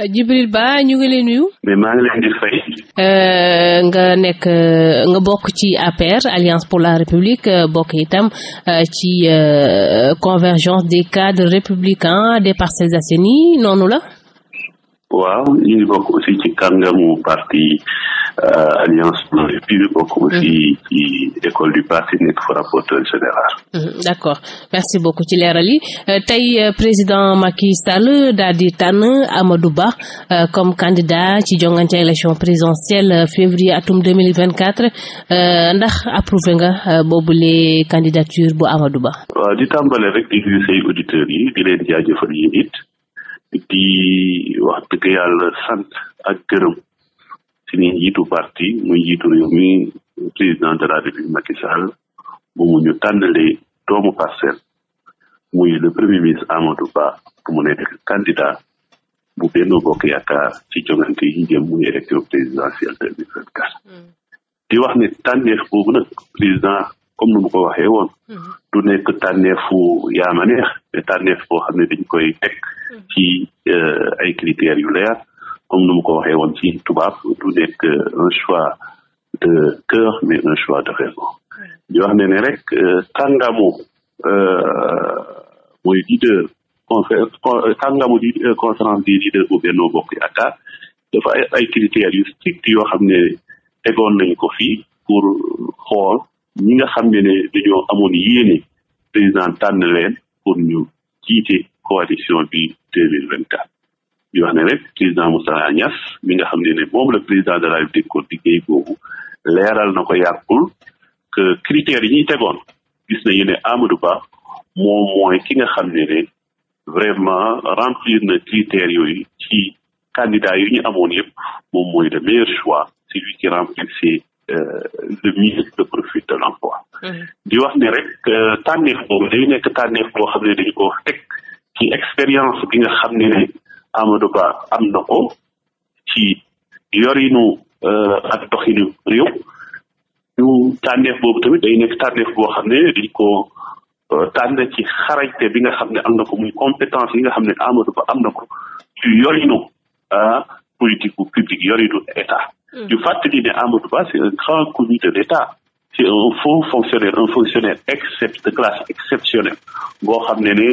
Euh, Djibril Ba ñu ngi lay nuyu. maa ngi leen euh, nga nekk euh, nga bokk ci APR Alliance pour la République bokk itam ci convergence des cadres républicains des Parcelles Assainies noonu la. waaw ñu ngi bokk aussi ci kàngamu parti Euh, alliance pour le PUR bokk aussi ci mm-hmm. accord merci ci leeral yi tey euh, président Macky Sall daal di tànn Amadou Ba euh, comme candidat ci jongante élection présidentielle février atum 2024 ndax approuvé nga boobule candidature bu Amadou Ba. waaw di tàmbale rek di nuyu say auditeurs yi di leen jaajëfal yéen it di wax dëgg yàlla sant ak gërëm. suñu njiitu parti muy njiitu réew mi président de la république Macky Sall bu mu ñu tànnalee doomu parcelle muy le premier ministre Amadou Ba bu mu nekk candidat bu Benno Bokk Yaakaar ci jongante yi jëm muy élection présidentielle deux mille vingt quatre hmm. di wax ne tànneef boobu nag président comme nu mu ko waxee woon hmm. du nekk tànneefu yaama neex mais tànneef boo xam ne dañ koy teg hmm. ci euh, ay critères yu leer comme nu mu ko waxee woon ci tubaab du nekk euh, un choix de cœur mais un choix de raison di wax ne ne rek kàngamu euh, euh, mooy leader kàngamu di conférence des leaders bu Benno Bokk Yaakaar dafa ay critères yu strict yoo xam ne tegoon nañ ko fi pour xool ñi nga xam ne ne dañoo amoon yéene président tànn leen pour ñu jiite coalition bi di wax ne rek président Moussa Niass mi nga xam ne ne moom la président de la République ko liggéey boobu leeral na ko yàqul que critères yi ñuy tegoon gis nañu ne Amadou Ba moom mooy ki nga xam ne ne vraiment remplir na critères yooyu ci candidat yu ñu amoon yëpp moom mooy le meilleur choix celui qui remplissait euh, le mieux le profil de l'emploi mm-hmm. di wax ne rek euh, tànneef boobu day nekk tànneef boo xam ne dañu ko teg ci expérience bi nga xam ne ne Amadou Ba am na ko ci yorinu euh, ak doxinu réew ñu tànneef boobu tamit day nekk tànneef boo xam ne dañ ko euh, tànn ci xarañte bi nga xam ne am na ko compétence yi nga xam ne Amadou Ba am na ko ci yorinu ah politique publique yorinu état ñu hmm. fàttali ne Amadou Ba c'est un grand commis de l'État c'est un faux fonctionnaire un fonctionnaire excep de classe exceptionnelle boo xam ne ne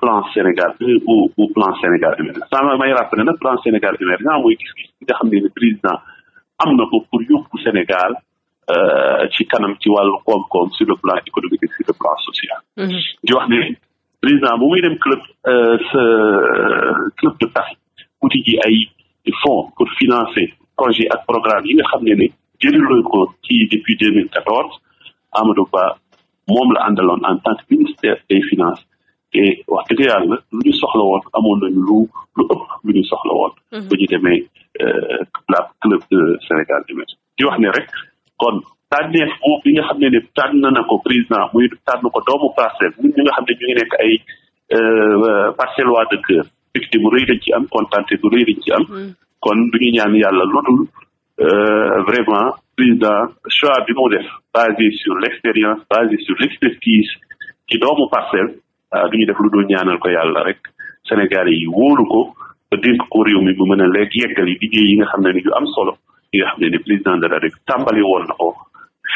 plan Sénégal ou ou plan Sénégal émergent sama may plan Sénégal émergent nga xam ne ni président am na ko pour yóbbu Sénégal euh, ci kanam ci wàllu koom-koom sur le plan économique et sur le plan social. Mm-hmm. di wax ne président bu muy dem club euh, euh, club de Paris uti ji ay fonds pour financer projet ak programme yi nga xam ne ne jëliloo ko ci depuis mille quatorze Amadou Ba moom la àndaloon en tant que ministère des finances te wax dëgg yàlla lu ñu soxla woon amoon nañu lu lu ëpp lu ñu soxla woon. Mhm. bu ñu demee euh, la club de Sénégal di met wax ne rek kon tànneef boobu bi nga xam ne ne tànn na na ko président muy tànn ko doomu parcelle ñun ñi nga xam ne ñu ngi nekk ay euh, parcelle waa de cœur bu rëy dañ ci am kontaante bu rëy dañ ci am. Mhm. kon du ñu ñaan yàlla loolu euh, vraiment président choix bi mu def basé sur l' expérience basé sur l' ci doomu parcelle. Euh, du ñu def lu dul ñaanal ko yàlla rek sénégal yi wóolu ko ba dénk ko réew mi bu mën a léegi yeggali liggéey yi nga xam ne ni yu am solo yi nga xam ne ni président de la République tàmbali woon na ko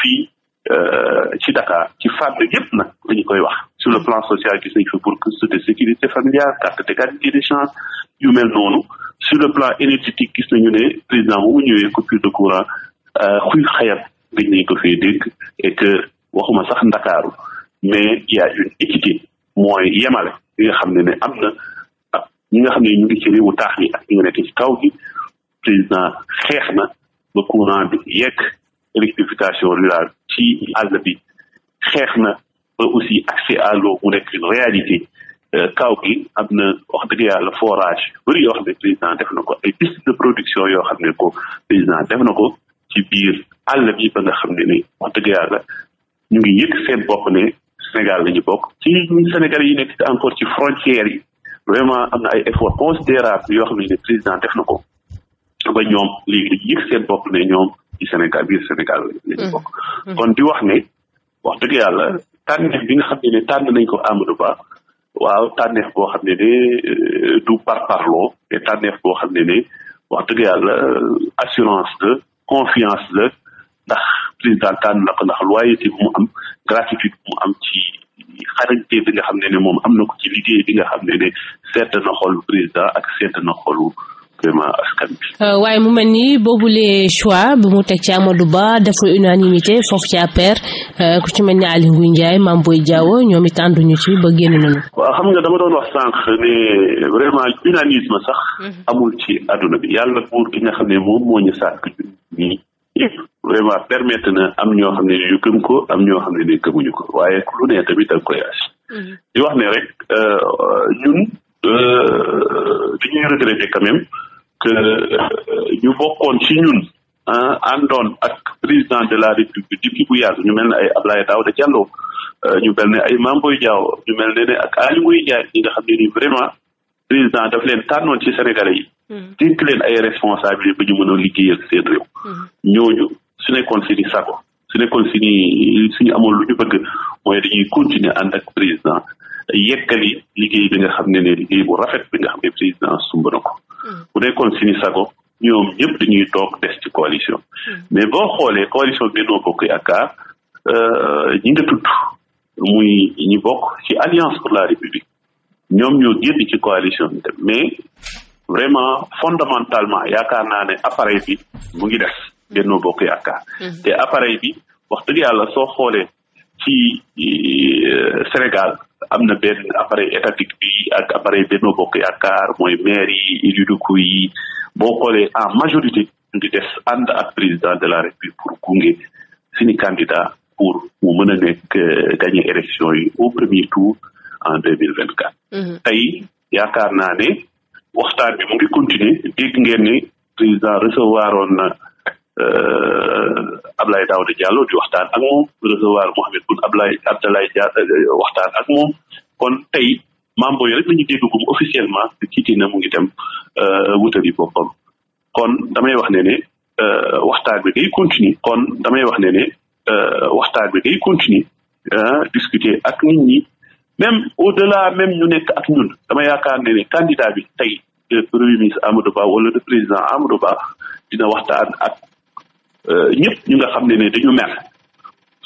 fii euh, ci Dakar ci fànn yëpp nag la koy wax sur le plan social gis nañ fi pour que de sécurité familiale carte d'égalité des chances yu mel noonu sur le plan énergétique gis nañu ne président bu ñëwee coupure de courant euh, xuy xayat dañ nañ ko fee dégg et que waxuma sax ndakaaru mais il mooy yemale li nga xam ne ne am na ak ñi nga xam ne ñu ngi ci réewu taax yi ak ñi nga nekk ci kaw gi président xeex na ba courant bi yegg électrification rurale ci àll bi xeex na ba aussi accès à l'eau mu nekk une réalité euh, kaw gi am na wax dëgg yàlla forage bëri yoo xam ne président def na ko ay piste de production yoo xam ne ko président def na ko ci biir àll bi ba nga xam ne ni wax dëgg yàlla ñu ngi yëg seen bopp ne Sénégal la ñu bokk ci ñun Sénégal yi nekk encore ci frontières yi vraiment am na ay efforts considérables yoo xam ne président def na ko ba ñoom léegi dañuy yëg seen bopp ne ñoom ci Sénégal biir Sénégal la ñu bokk kon di wax ne wax dëgg yàlla tànneef bi nga xam ne ne tànn nañ ko Amadou Ba waaw tànneef boo xam ne ne euh, du par parloo te tànneef boo xam ne ne wax dëgg yàlla euh, assurance la confiance la ndax président tànn na ko ndax loyauté bu mu am gratitude mu am ci xarañte bi nga xam ne ne moom am na ko ci liggéey bi nga xam ne ne seet na xolu président ak seet euh, na xolu waaye mu mel ni boobule choix bu mu teg ci Amadou Ba deful unanimité foofu ci APR euh, ku ci mel ni Aly Ngouille Ndiaye Mame Boye Diao ñoom it ànduñu ci ba génn nañu. waaw xam nga dama doon wax sànq ne vraiment unanimisme sax. Mhm. amul ci àdduna bi yàlla buur gi nga xam ne moom moo ñu sàkk ñun vraiment permettre na am ñoo xam ne ñu gëm ko am ñoo xam ne ni gëmuñu ko waaye lu ne tamit da koy age mm-hmm. di wax ne rek euh, ñun li euh, ñuy regretter quand même que euh, ñu bokkoon ci ñun àndoon ak président de la république depuis bu yàgg ñu mel ne ay Ablaye Daouda Diallo ñu mel ne ay Mame Boye Diao ñu mel ne ne ak Aly Ngouille Ndiaye ñi nga xam ne ni vraiment président daf leen tànnoon ci Sénégalais yi Hmm. dénk leen ay responsabilité ba ñu mën a liggéeyal seen réew hmm. ñooñu su nekkoon si ni sago su nekkoon si ni suñu amoon lu ñu bëgg mooy dañuy continuer ànd ak président yekkali liggéey bi nga xam ne ne liggéey bu rafet bi nga xam ne président sumb na ko bu hmm. nekkoon si ni sago ñoom ñëpp dañuy toog des ci coalition mais boo xoolee coalition Benno Bokk Yaakaar euh, ñi nga tudd muy ñi bokk ci alliance pour la république ñoom ñoo génn ci coalition mais vraiment fondamentalement yaakaar naa ne appareil bi mu ngi def Benno Bokk Yaakaar mhm. te appareil bi wax dëgg yàlla soo xoolee ci euh, Sénégal am na benn appareil étatique bi ak appareil Benno Bokk Yaakaar mooy maire yi élus locaux yi boo xoolee en majorité ñu ngi des ak président de la République pour gunge suñu candidat pour mu mën a nekk euh, gagner élection yi au premier tour en deux mille vingt quatre mhm. tey yaakaar naa waxtaan bi mu ngi continuer dégg ngeen ni président recevoir woon na euh, Ablaye Daouda Diallo di waxtaan ak moom recevoir Mohamed Boun Ablaye Abdoulaye Diallo euh, waxtaan ak moom kon tey membre yi rek la ñu dégg gum officiellement kiiti na mu ngi dem euh, wutali boppam kon damay wax ne ne waxtaan bi day continuer kon damay wax ne ne waxtaan bi day continuer discuter ak nit ñi même au delà même ñu nekk ak ñun dama yaakaar ne ne candidat bi tey le premier ministre Amadou Ba wala le président Amadou Ba dina waxtaan ak euh, ñëpp ñu nga xam ne ne dañu mer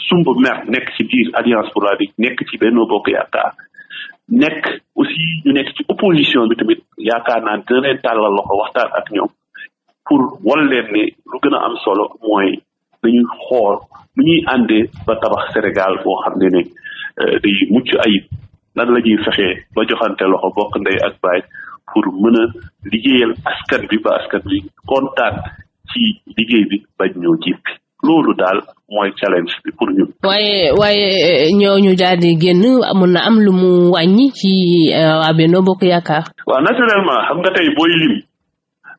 sumb mer nekk ci biir alliance pour la Ligue nekk ci Benno Bokk Yaakaar nekk aussi ñu nekk ci opposition bi tamit yaakaar naa dina leen tàllal loxo waxtaan ak ñoom pour wal leen ne lu gën a am solo mooy dañuy xool lu ñuy àndee ba tabax Sénégal boo xam ne ne euh, day mucc ayib nan la ñuy fexee ba joxante loxo bokk ndey ak baay pour mën a liggéeyal askan bi ba askan bi kontaan ci liggéey bi bañ ñoo jippi loolu daal mooy challenge bi pour ñun. waaye waaye eh, ñooñu daal di génn mun na am lu mu wàññi ci eh, waa Bokk Yaakaar. waa naturellement xam nga tey booy lim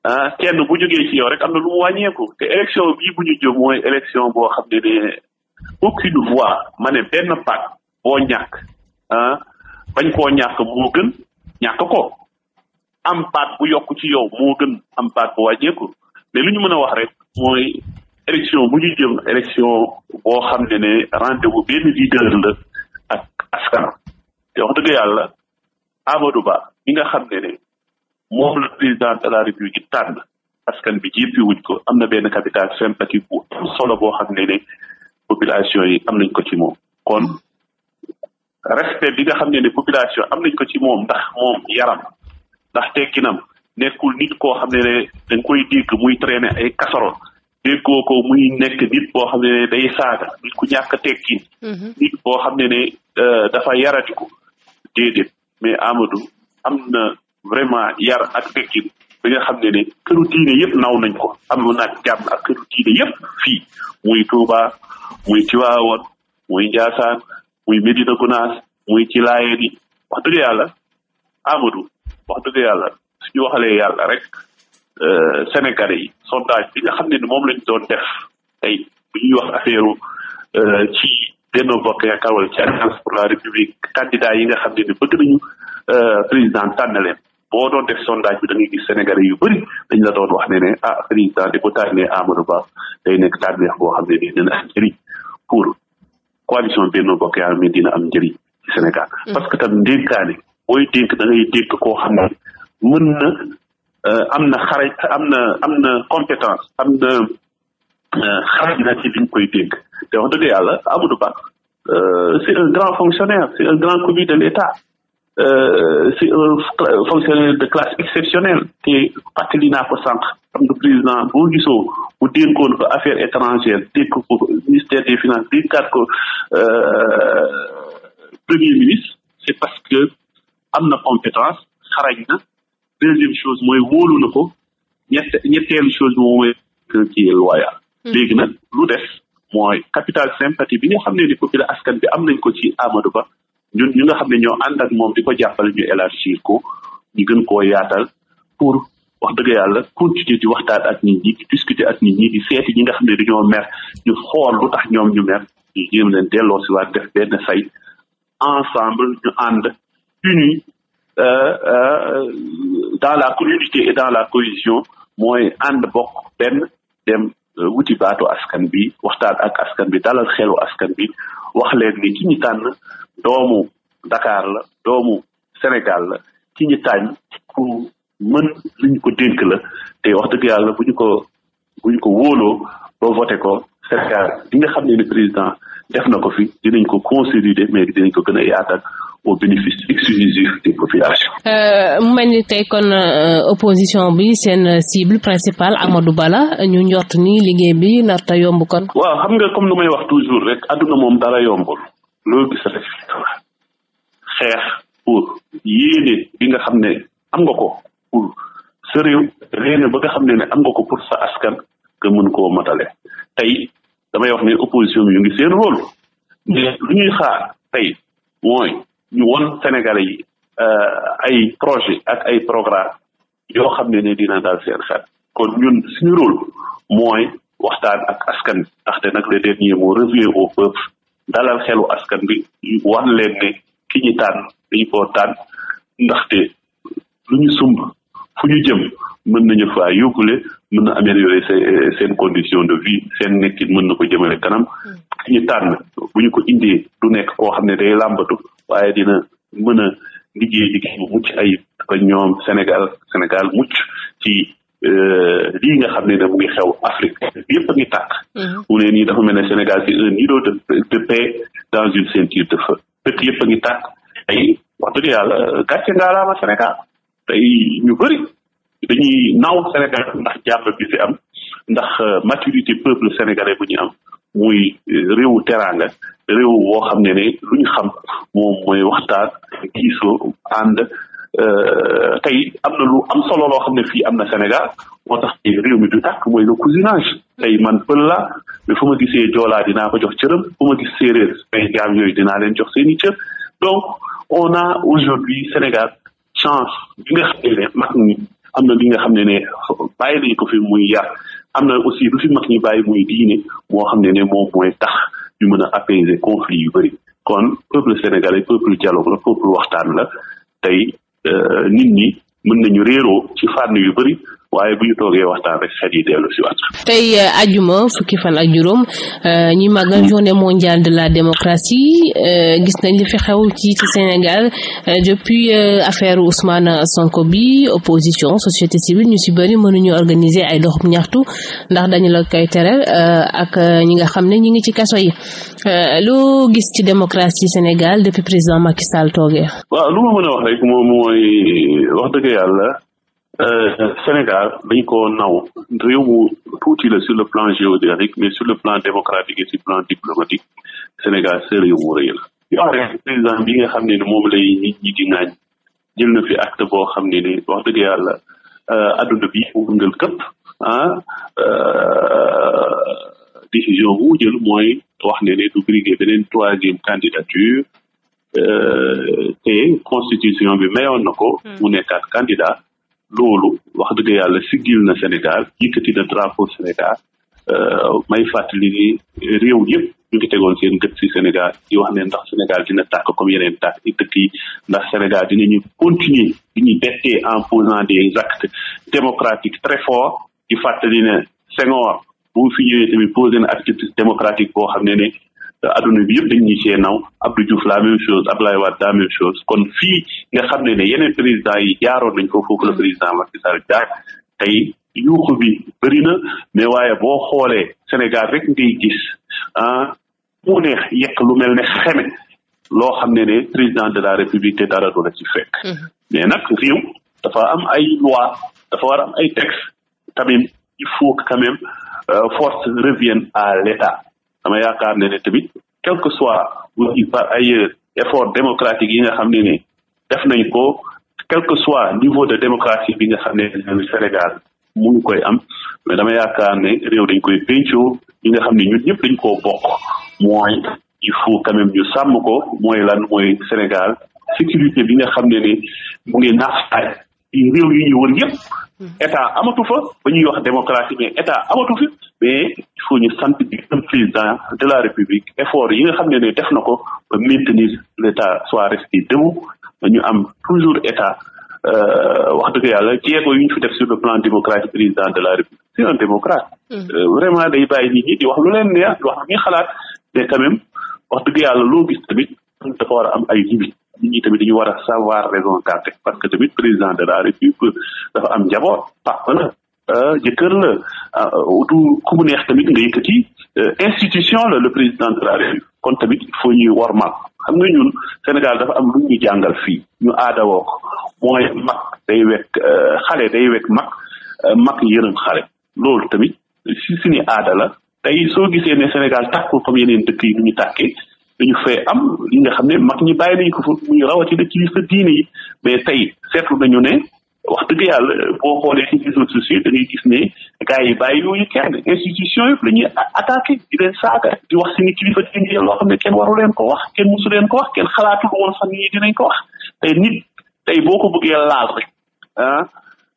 ah kenn bu jógee ci yow rek am na lu mu wàññeeku te élection bii bu ñu mooy élection boo xam ne ne aucune voix ma ne benn baat boo ñàkk ah, bañ koo ñàkk moo gën ñàkk ko am baat bu yokk ci yow moo gën am baat bu wàññeeku mais li ñu mën a wax rek mooy élection bu ñu jëm élection boo xam ne ne rendez-vous benn leader la ak askan te wax dëgg yàlla Amadou Ba mi nga xam ne ne moom la président de la république tànn askan bi jéppi wuñ ko am na benn capital sympathique bu am solo boo xam ne ne population yi am nañ ko ci moom kon respect bi nga xam ne ne population am nañ ko ci moom ndax moom yaram ndax tekkinam nekkul nit koo xam ne ne dañ koy dégg muy traîner ay casserole déggoo ko muy nekk nit boo xam ne ne day saaga nit ku ñàkk tekkin mhm. nit boo xam ne ne euh, dafa ko déedéet mais Amadou am na vraiment yar ak tekkin bi xam ne ne këru diine yëpp naw nañ ko am naag jàmm ak këru diine yëpp fii muy Touba muy Tivaouane muy Ndiassane muy Médina Gounass muy ci laayeen yi wax dëgg yàlla Amadou wax dëgg yàlla suñu waxalee yàlla rek euh, Sénégalais yi sondage bi nga xam ne ni moom lañ doon def tey bu ñuy wax affaire euh, ci Benno Bokk ci Alliance pour la République candidat yi nga xam ne ni bëgg nañu euh, président tànn leen boo doon def sondage bi da ngay gis Sénégalais yu bëri dañ la doon wax ne ne ah président di tànnee Amadou Ba day nekk tànneex boo xam ne nii dina am pour coalition Benno Bokk Yaakaar mi dina am njëriñ ci Sénégal mm-hmm. parce que tam ndénkaane booy dénk da ngay dénk ko xam ne mën na euh, am na xarañ am na am na compétence am na euh, xarañ na ci liñ koy dénk te wax dëgg yàlla Amadou Ba euh, c'est un grand fonctionnaire c'est un grand commis de l'État euh, c'est un euh, euh, fonctionnaire classe exceptionnelle te fàttali ko sànq xam nga président boo gisoo bu dénkoon ko affaires étrangères dénk ko ministère des finances dénkaat ko euh, premier ministre c'est parce que am na compétence xarañ na deuxième chose mooy wóolu na ko ñette ñetteelu chose moom mooy que hmm. léegi nag lu des mooy capital sympathie bi nga xam ne ni ko bi am nañ ko ci Amadou Ba ñun ñu nga xam ne ñoo ànd ak moom di ko jàppale ñu élargir ko ñu gën koo yaatal pour wax dëgg yàlla continuer di waxtaan ak nit ñi di discuter ak nit ñi di seeti ñi nga xam ne dañoo mer ñu xool lu tax ñoom ñu mer ñu jéem leen delloo si waat def benn say ensemble ñu ànd unis euh, euh, dans la communauté dans la cohésion mooy ànd bokk benn dem Euh, wuti baatu askan bi waxtaan ak askan bi dalal xelu askan bi wax leen ni ki ñu tànn doomu Dakar la doomu Sénégal la ki ñu tànn ku mën li ñu ko dénk la te wax dëgg yàlla bu ñu ko bu ñu ko wóoloo ba voté ko Sénégal li nga xam ne ni président def na ko fi dinañ ko consolider mais dinañ ko gën a au bénéfice exclusif des populations. Euh, mu mel ni kon euh, opposition bi seen euh, cible principale Amadou Ba bala ñu njort ni liggéey bi narta yomb kon. waaw xam nga comme nu may wax toujours rek adduna moom dara yombul loo gis rek xeex pour yéene bi nga xam ne am nga ko pour sa nga xam ne ne am nga ko pour sa askan nga mën koo matale tey damay wax ne opposition bi ngi seen rôle mais lu xaar tey mooy. ñu won Sénégalais yi euh, ay projet ak ay programme yoo xam ne ne dina daal seen xel kon ñun suñu mooy waxtaan ak askan bi ndaxte nag le dernier mot revient au peuple dalal xelu askan bi wan leen ne ki ñu tànn dañu koo tànn ndaxte lu ñu sumb fu ñu jëm mën na nañu faa yóbbule mën na améliorer seen condition de vie seen nekkin mën na ko jëmale kanam hmm. ki ñu tànn bu ko indee du nekk koo xam ne day làmbatu waaye dina mën a liggéey liggéey bu mucc ayib ba ñoom Sénégal Sénégal mucc ci euh, li nga xam ne ne mu ngi xew Afrique yëpp a ngi tàkk mhm. mu ne dafa mel ne Sénégal c'est un îlot de de paix dans une ceinture de feu dëkk yëpp a ngi tàkk tey wax dëgg yàlla gàcce ngaalaama Sénégal tey ñu bari dañuy naaw Sénégal ndax jàpp bi fi am ndax euh, maturité peuple sénégalais bu ñu am muy euh, réewu teraanga réew woo xam ne ne lu xam moom mooy waxtaan kiisoo ànd euh, tey am na lu am solo loo xam ne fii am na Sénégal moo tax tey réew mi du tàkk tey man pël la mais fu ma gisee joolaa dinaa ko jox cëram fu ma gis séeréer ay jaam yooyu dinaa leen jox seen i cër donc on a aujourd'hui Sénégal chance bi nga xam ne mag ñi am na li nga xam ne ne bàyyi nañ ko fi muy yar am na aussi lu fi mag ñi bàyyi muy diine moo xam ne ne moom mooy tax ñu mën a apaiser conflit yu bëri kon peuple sénégalais peuple dialogue la peuple waxtaan la tey euh, nit ñi mën nañu réero ci fànn yu bëri waaye bu toogee waxtaan rek xel yi dellu si waat. tey ajuma eh, fukki fan ak juróom eh, ñi màggal journée mondiale de la démocratie eh, gis nañ li fi ci ci Sénégal depuis affaire Ousmane Sonko bi opposition société civile ñu si bëri mënuñu organiser ay doxub ñaxtu ndax dañu la koy tereel ak ñi nga xam ne ñi ngi ci kaso yi loo gis ci démocratie Sénégal depuis président Macky Sall toogee. waaw lu ma mën wax rek moom mooy wax dëgg yàlla. Euh, Sénégal dañ ko naw réew mu tuuti la sur le plan géographique mais sur le plan démocratique et sur le plan diplomatique Sénégal c'est réew mu yo président bi nga xam ne ne moom lay nit ñi di ŋaañ jël na fi acte boo xam ne ni wax dëgg yàlla euh, adduna bi wëngal këpp ah euh, décision bu jël mooy wax ne ne du briguer beneen troisième candidature te constitution bi mayoon na ko hmm. mu nekkaat candidat loolu wax dëgg yàlla siggil na Sénégal yëkkati na drapeau Sénégal euh, may fàttali ni réew yëpp ñu ngi tegoon seen gët si Sénégal di wax ne ndax Sénégal dina tàkk comme yeneen tàkk i dëkk yi ndax Sénégal dinañu continuer ñu bettee en posant des actes démocratiques très forts di fàttali ne Senghor bu fi ñëwee tamit posé na acte démocratique boo xam ne adduna bi yëpp dañ ñu see naw Abdou Diouf la même chose Abdoulaye Wade la même chose kon fii nga xam ne ne yeneen président yi jaaroon nañ ko foofu la mm. président Macky Sall jaar tey yuuxu bi bëri na mais waaye boo xoolee Sénégal rek ngay gis ah mu ne yekk lu mel ne xeme loo xam ne ne président de la république te dara du la ci fekk mm-hmm. mais nag réew dafa am ay loi dafa war am ay texte tamit il faut que quand euh, force revienne à l' dama yaakaar ne ne tamit quel soit aussi par ailleurs effort démocratique yi nga xam ne ne def nañ ko quel que soit niveau de démocratie bi nga xam ne Sénégal mu koy am mais dama yaakaar ne réew dañ koy pencoo yi nga xam ne ñun ñëpp dañ koo bokk mooy il faut quand ñu sàmm ko mooy lan mooy Sénégal sécurité bi nga xam ne ne mu ngi naaxtaay réew yi ñu wër yëpp mm-hmm. état amatu fa ba ñuy wax démocratie mais état amatu fi mais il ñu sant di gërëm président de la république effort yi nga xam ne ne def na ko ba maintenir l' état soit resté debout ñu am toujours état euh, wax dëgg yàlla jéego yu ñu fi def sur le plan démocratique président de la république c'est un démocrate mm-hmm. euh, vraiment day bàyyi nit ñi di wax lu leen neex di wax lu ñuy xalaat mais quand même wax dëgg yàlla loo gis tamit dafa war am ay limites nit ñi tamit dañu war a savoir raison garder parce que tamit président de la république dafa am njaboot papa la Euh, jëkkër la utu euh, ku mu neex tamit nga yëkkati euh, institution la le président de la kon tamit il faut ñuy wormaal xam nga ñun Sénégal dafa am lu ñu jàngal fii ñu aada woo ko mooy mag day wekk xale day wekk mag mag yërëm xale loolu tamit si suñu aada la tey soo gisee ne Sénégal tàkkul comme yeneen dëkk yi nu ñu tàkkee dañu fee am li nga xam ne mag ñi bàyyi nañu ko fa muy rawatina ci sa diine yi mais tey seetlu nañu ne wax dëgg yàlla boo xoolee ci réseaux sociaux da gis ne gars yi bàyyi yooyu kenn institution yëpp la ñuy attaqué di leen saaga di wax seeni kilifa diine yi loo xam ne kenn waru leen ko wax kenn musu leen ko wax kenn xalaatul woon sax nit ñi ko wax nit tey boo ko bëggee laal rek ah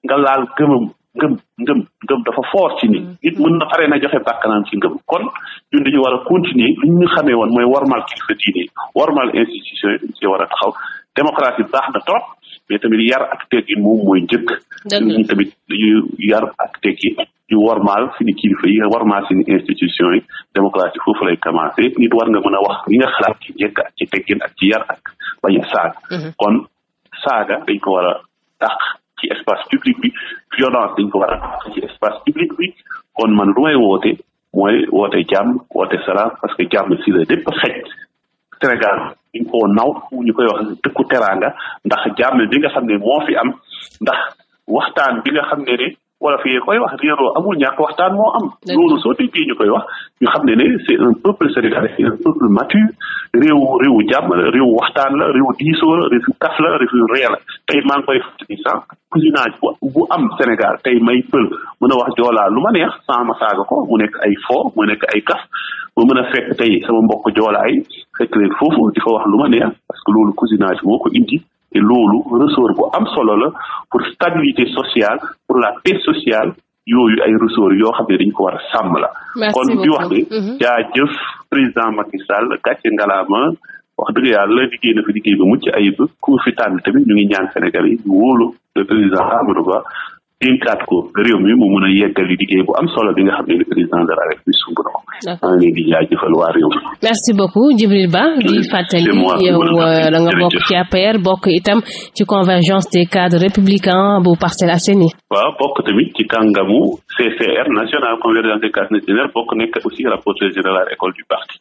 nga laal gëmam ngëm ngëm ngëm dafa fort ci nit mm-hmm. nit mën na pare na joxe bàkkanam ci ngëm kon ñun dañu war a continuer li ñu xamee woon mooy warmal kilifa diine yi warmal institution yi dañ ci war a taxaw démocratie baax mais tamit yar ak teggin moom moy njëkk. dëgg tamit dañuy yar ak teggin ñu warmaal suñu kilifa yi warmaal suñu institution yi démocratie foofu lay commencé nit war nga mën a wax li nga xalaat ci njëkk ak ci ak ci yar ak bañ saaga. Mhm. kon saaga dañ ko war a dàq ci espace public bi violence dañ ko war a ci espace public bi kon man lu may woote mooy woote jàmm woote salaam parce que jàmm si la lépp xëj. Sénégal ñu ngi naw ñu koy wax dëkku teraanga ndax jàmm bi nga xam ne moo fi am ndax waxtaan bi nga xam ne ne wala fi koy wax réeroo amul ñàkk waxtaan moo am. loolu soo déggee ñu koy wax ñu xam ne ne c'est un peuple sénégalais réew réewu jàmm la réewu la réewu diisoo la réewu kaf la réewu ree la tey maa ngi koy fàttali sànq cousinage bu am Sénégal tey may pël mën a wax joolaa lu ma neex sans ma saaga ko mu nekk ay fo mu nekk ay kaf. ma mën a fekk tey sama mbokk joolaay fekk leen foofu di fa wax lu ma neex parce que loolu cousinage moo ko indi te loolu ressort bu am solo la pour stabilité sociale pour la paix sociale ay ressort yoo xam ne dañ ko war a sàmm la kon bi wax de mhm. jaajëf président Macky Sall gàcce ngalaama wax dëgg yàlla liggéey na fi liggéey ba mucc ay ayib ku fi tànn tamit ñu ngi ñaan Sénégal yi ñu wóolu le président Amadou Ba dénkaat ko réew mi mu mën a yeggali liggéey bo am solo bi nga xam ne le président de la République sumb na ko. maa ngi leen waa réew mi. merci beaucoup Djibril Ba di fàttali yow da euh, nga bokk ci APR bokk itam ci convergence des cadres républicains bu Parcelles Assainies. waaw bokk tamit ci kàngamu CCR national convergence des cadres nationale bokk nekk aussi rapporteur général école du parti.